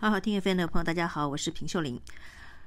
好好聽 FM 的朋友，大家好，我是平秀玲。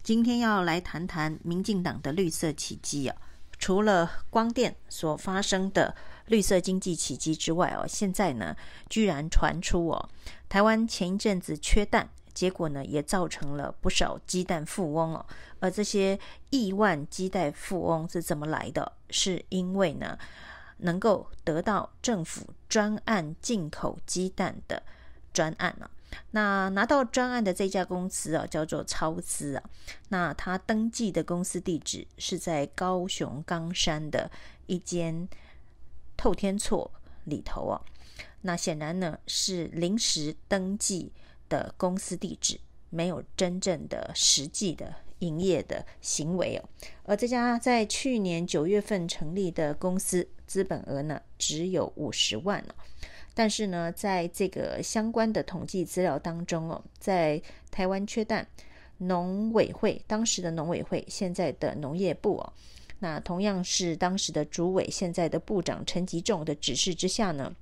今天要來談談民進黨的綠色奇蹟啊。除了光電所發生的綠色經濟奇蹟之外哦、啊，現在呢，居然傳出哦、啊，台灣前一陣子缺蛋，結果呢，也造成了不少雞蛋富翁哦、啊。而這些億萬雞蛋富翁是怎麼來的？是因為呢，能夠得到政府專案進口雞蛋的專案呢、啊。那拿到專案的這家公司啊，叫做超思啊。那他登記的公司地址是在高雄岡山的一間透天厝裡頭啊。那顯然呢是臨時登記的公司地址，沒有真正的實際的營業的行為哦、啊。而這家在去年九月份成立的公司，資本額呢只有五十萬、啊但是呢，在這個相關的統計資料當中哦，在台灣缺蛋，農委會，當時的農委會，現在的農業部哦，那同樣是當時的主委，現在的部長陳吉仲的指示之下呢，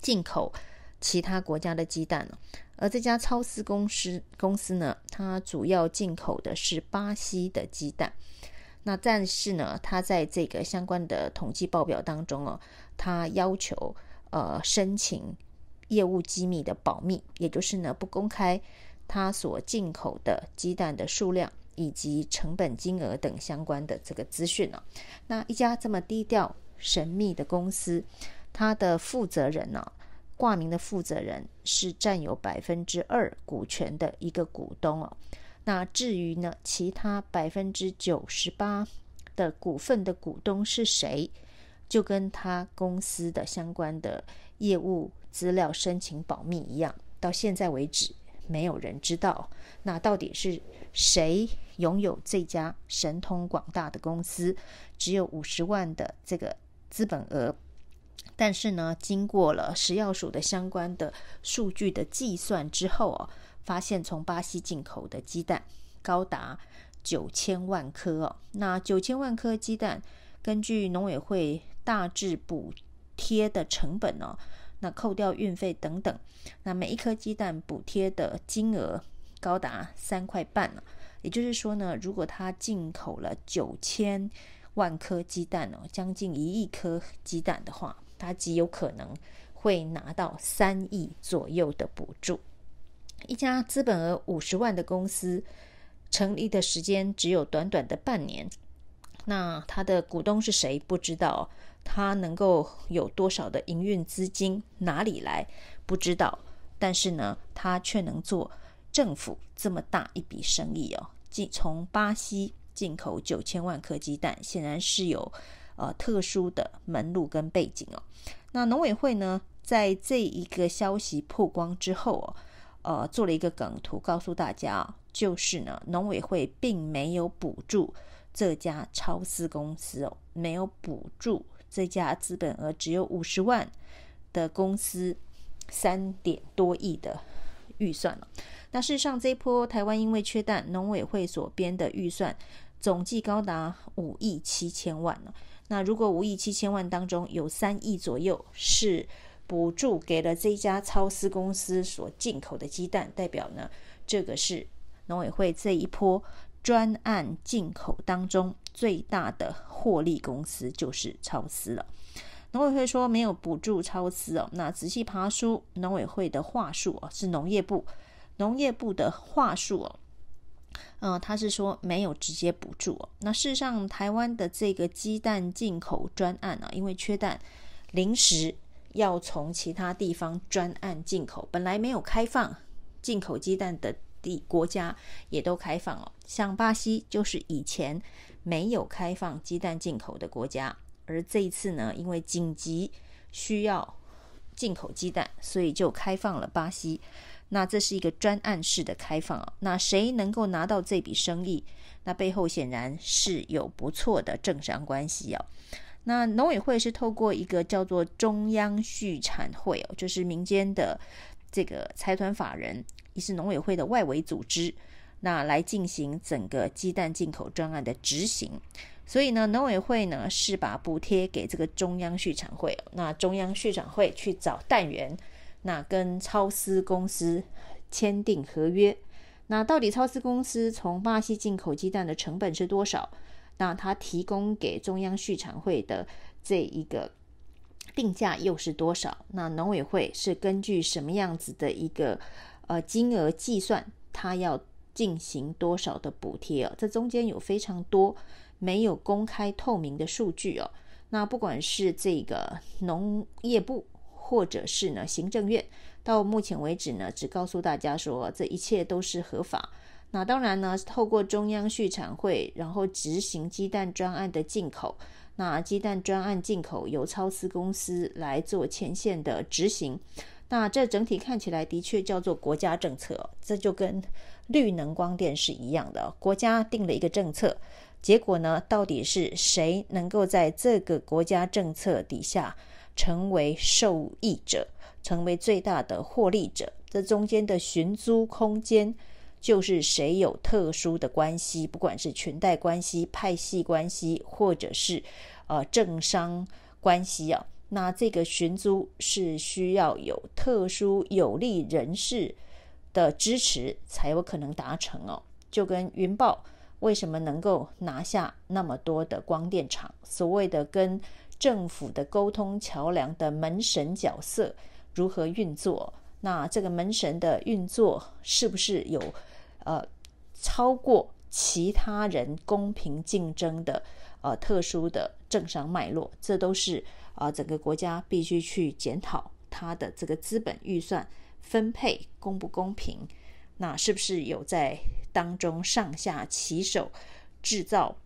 進口其他國家的雞蛋哦，而這家超思公司公司呢，它主要進口的是巴西的雞蛋。那但是呢，它在這個相關的統計報表當中哦，它要求。呃，申請業務機密的保密，也就是呢，不公開他所進口的雞蛋的數量以及成本金額等相關的這個資訊呢、啊。那一家這麼低調神秘的公司，它的負責人呢、啊，掛名的負責人是佔有百分之二股權的一個股東哦、啊。那至於呢，其他百分之九十八的股份的股東是誰？就跟他公司的相關的業務資料申請保密一樣，到現在為止，沒有人知道，那到底是誰擁有這家神通廣大的公司，只有五十萬的這個資本額。但是呢，經過了食藥署的相關的數據的計算之後哦，發現從巴西進口的雞蛋高達九千萬顆哦。那九千萬顆雞蛋，根據農委會。大致補貼的成本呢，哦，那扣掉運費等等，那每一顆雞蛋補貼的金額高達三塊半，啊，也就是說呢，如果他進口了九千萬顆雞蛋哦，將近一億顆雞蛋的話，他極有可能會拿到三億左右的補助。一家資本額五十萬的公司，成立的時間只有短短的半年，那他的股東是誰？不知道。他能夠有多少的營運資金？哪裡來？不知道。但是呢，他卻能做政府這麼大一筆生意哦。即從巴西進口九千萬顆雞蛋，顯然是有呃特殊的門路跟背景哦。那農委會呢，在這一個消息曝光之後哦，呃，做了一個梗圖告訴大家、哦，就是呢，農委會並沒有補助這家超思公司哦，沒有補助。這家資本額只有五十萬的公司，三點多億的預算了。那事實上這一，這波台灣因為缺蛋，農委會所編的預算總計高達五億七千萬。那如果五億七千萬當中有三億左右是補助給了這家超思公司所進口的雞蛋，代表呢，這個是農委會這一波。專案進口當中最大的獲利公司就是超思了。農委會說沒有補助超思哦，那仔細爬梳農委會的話術哦，是農業部，農業部的話術哦，嗯、呃，他是說沒有直接補助哦。那事實上，台灣的這個雞蛋進口專案呢、啊，因為缺蛋，臨時要從其他地方專案進口，本來沒有開放進口雞蛋的。國家也都開放哦，像巴西就是以前沒有開放雞蛋進口的國家，而這一次呢，因為緊急需要進口雞蛋，所以就開放了巴西。那這是一個專案式的開放哦。那誰能夠拿到這筆生意？那背後顯然是有不錯的政商關係哦。那農委會是透過一個叫做中央畜產會哦，就是民間的這個財團法人。也是農委會的外圍組織，那來進行整個雞蛋進口專案的執行。所以呢，農委會呢是把補貼給這個中央畜產會，那中央畜產會去找蛋源，那跟超思公司簽訂合約。那到底超思公司從巴西進口雞蛋的成本是多少？那他提供給中央畜產會的這一個定價又是多少？那農委會是根據什麼樣子的一個？呃，金額計算，它要進行多少的補貼哦？這中間有非常多沒有公開透明的數據哦。那不管是這個農業部，或者是呢行政院，到目前為止呢，只告訴大家說這一切都是合法。那當然呢，透過中央畜產會，然後執行雞蛋專案的進口。那雞蛋專案進口由超思公司來做前線的執行。那這整體看起來的確叫做國家政策啊，這就跟綠能光電是一樣的啊。國家定了一個政策，結果呢，到底是誰能夠在這個國家政策底下成為受益者，成為最大的獲利者？這中間的尋租空間，就是誰有特殊的關係，不管是裙帶關係、派系關係，或者是呃政商關係啊。那這個尋租是需要有特殊有力人士的支持才有可能達成哦。就跟雲豹為什麼能夠拿下那麼多的光電廠，所謂的跟政府的溝通橋梁的門神角色如何運作？那這個門神的運作是不是有呃超過其他人公平競爭的？呃，特殊的政商脈絡，這都是啊、呃，整個國家必須去檢討它的這個資本預算分配公不公平，那是不是有在當中上下其手，制造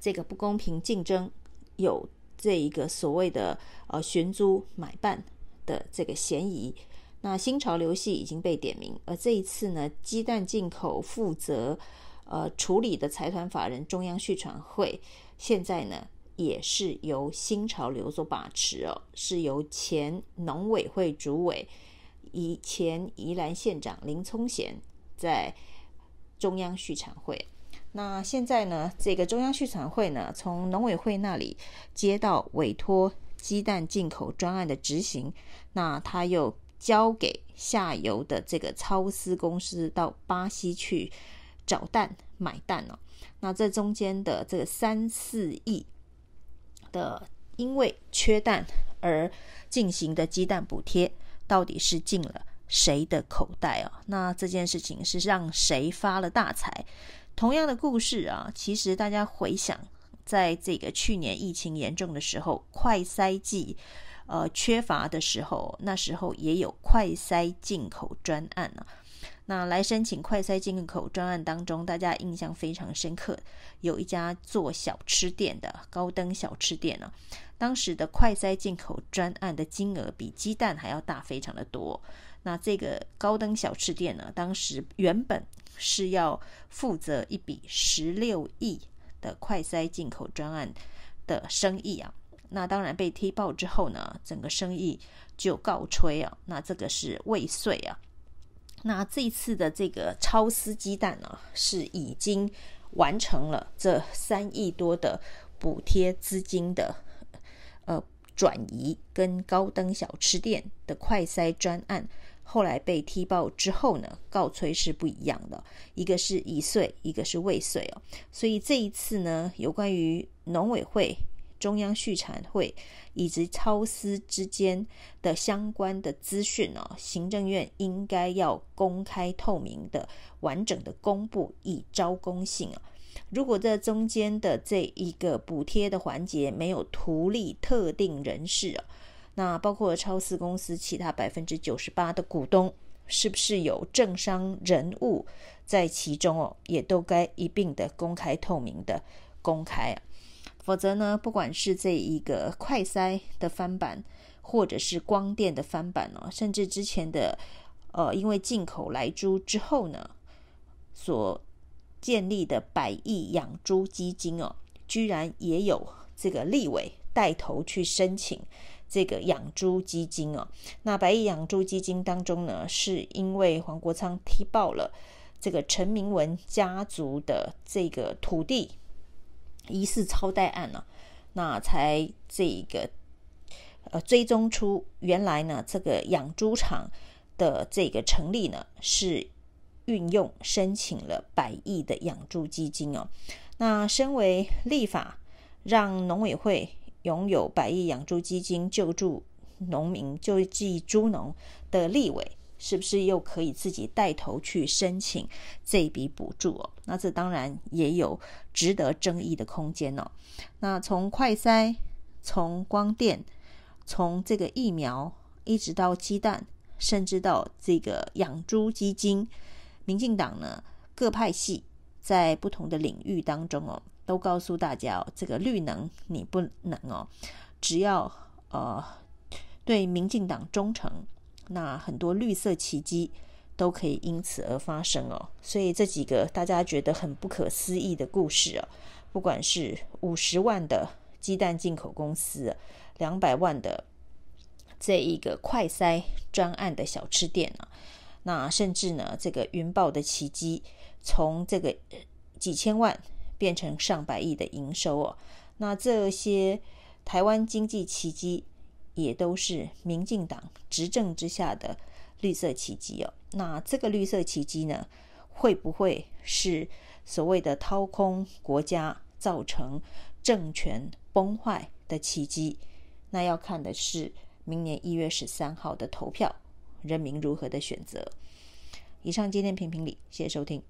這個不公平競爭，有這一個所謂的呃尋租買辦的這個嫌疑？那新潮流系已經被點名，而這一次呢，雞蛋進口負責。呃，處理的財團法人中央畜產會，現在呢也是由新潮流所把持哦，是由前農委會主委、以前宜蘭縣長林聰賢在中央畜產會。那現在呢，這個中央畜產會呢，從農委會那裡接到委託雞蛋進口專案的執行，那他又交給下游的這個超思公司到巴西去。找蛋買蛋哦，那這中間的這三四億的，因為缺蛋而進行的雞蛋補貼，到底是進了誰的口袋啊、哦？那這件事情是讓誰發了大財？同樣的故事啊，其實大家回想，在這個去年疫情嚴重的時候，快篩劑，呃，缺乏的時候，那時候也有快篩進口專案呢、啊。那來申請快篩進口專案當中，大家印象非常深刻，有一家做小吃店的高登小吃店啊。當時的快篩進口專案的金額比雞蛋還要大，非常的多。那這個高登小吃店呢，當時原本是要負責一筆十六億的快篩進口專案的生意啊。那當然被踢爆之後呢，整個生意就告吹啊。那這個是未遂啊。那這一次的這個超思雞蛋呢、啊，是已經完成了這三億多的補貼資金的呃轉移，跟高登小吃店的快篩專案後來被踢爆之後呢，告吹是不一樣的，一個是已遂，一個是未遂哦，所以這一次呢，有關於農委會。中央續產會以及超思之間的相關的資訊哦、啊，行政院應該要公開透明的、完整的公布以昭公信、啊、如果這中間的這一個補貼的環節沒有圖利特定人士、啊、那包括超思公司其他百分之九十八的股東，是不是有政商人物在其中哦、啊？也都該一併的公開透明的公開、啊否則呢，不管是這一個快篩的翻版，或者是光電的翻版哦，甚至之前的呃，因為進口萊豬之後呢，所建立的百億養豬基金哦，居然也有這個立委帶頭去申請這個養豬基金哦。那百億養豬基金當中呢，是因為黃國昌踢爆了這個陳明文家族的這個土地。疑似超貸案呢、啊？那才這個呃追蹤出原來呢，這個養豬場的這個成立呢，是運用申請了百億的養豬基金哦。那身為立法讓農委會擁有百億養豬基金救助農民、救濟豬農的立委。是不是又可以自己帶頭去申請這筆補助哦？那這當然也有值得爭議的空間哦。那從快篩、從光電、從這個疫苗，一直到雞蛋，甚至到這個養豬基金，民進黨呢各派系在不同的領域當中哦，都告訴大家哦，這個綠能你不能哦，只要呃對民進黨忠誠。那很多綠色奇蹟都可以因此而發生哦，所以這幾個大家覺得很不可思議的故事哦、啊，不管是五十萬的雞蛋進口公司，兩百萬的這一個快篩專案的小吃店啊，那甚至呢這個雲豹的奇蹟，從這個幾千萬變成上百億的營收哦、啊，那這些台灣經濟奇蹟，也都是民進黨執政之下的綠色奇跡哦。那這個綠色奇跡呢，會不會是所謂的掏空國家、造成政權崩壞的奇跡，那要看的是明年一月十三號的投票，人民如何的選擇。以上，今天評評理，謝謝收聽。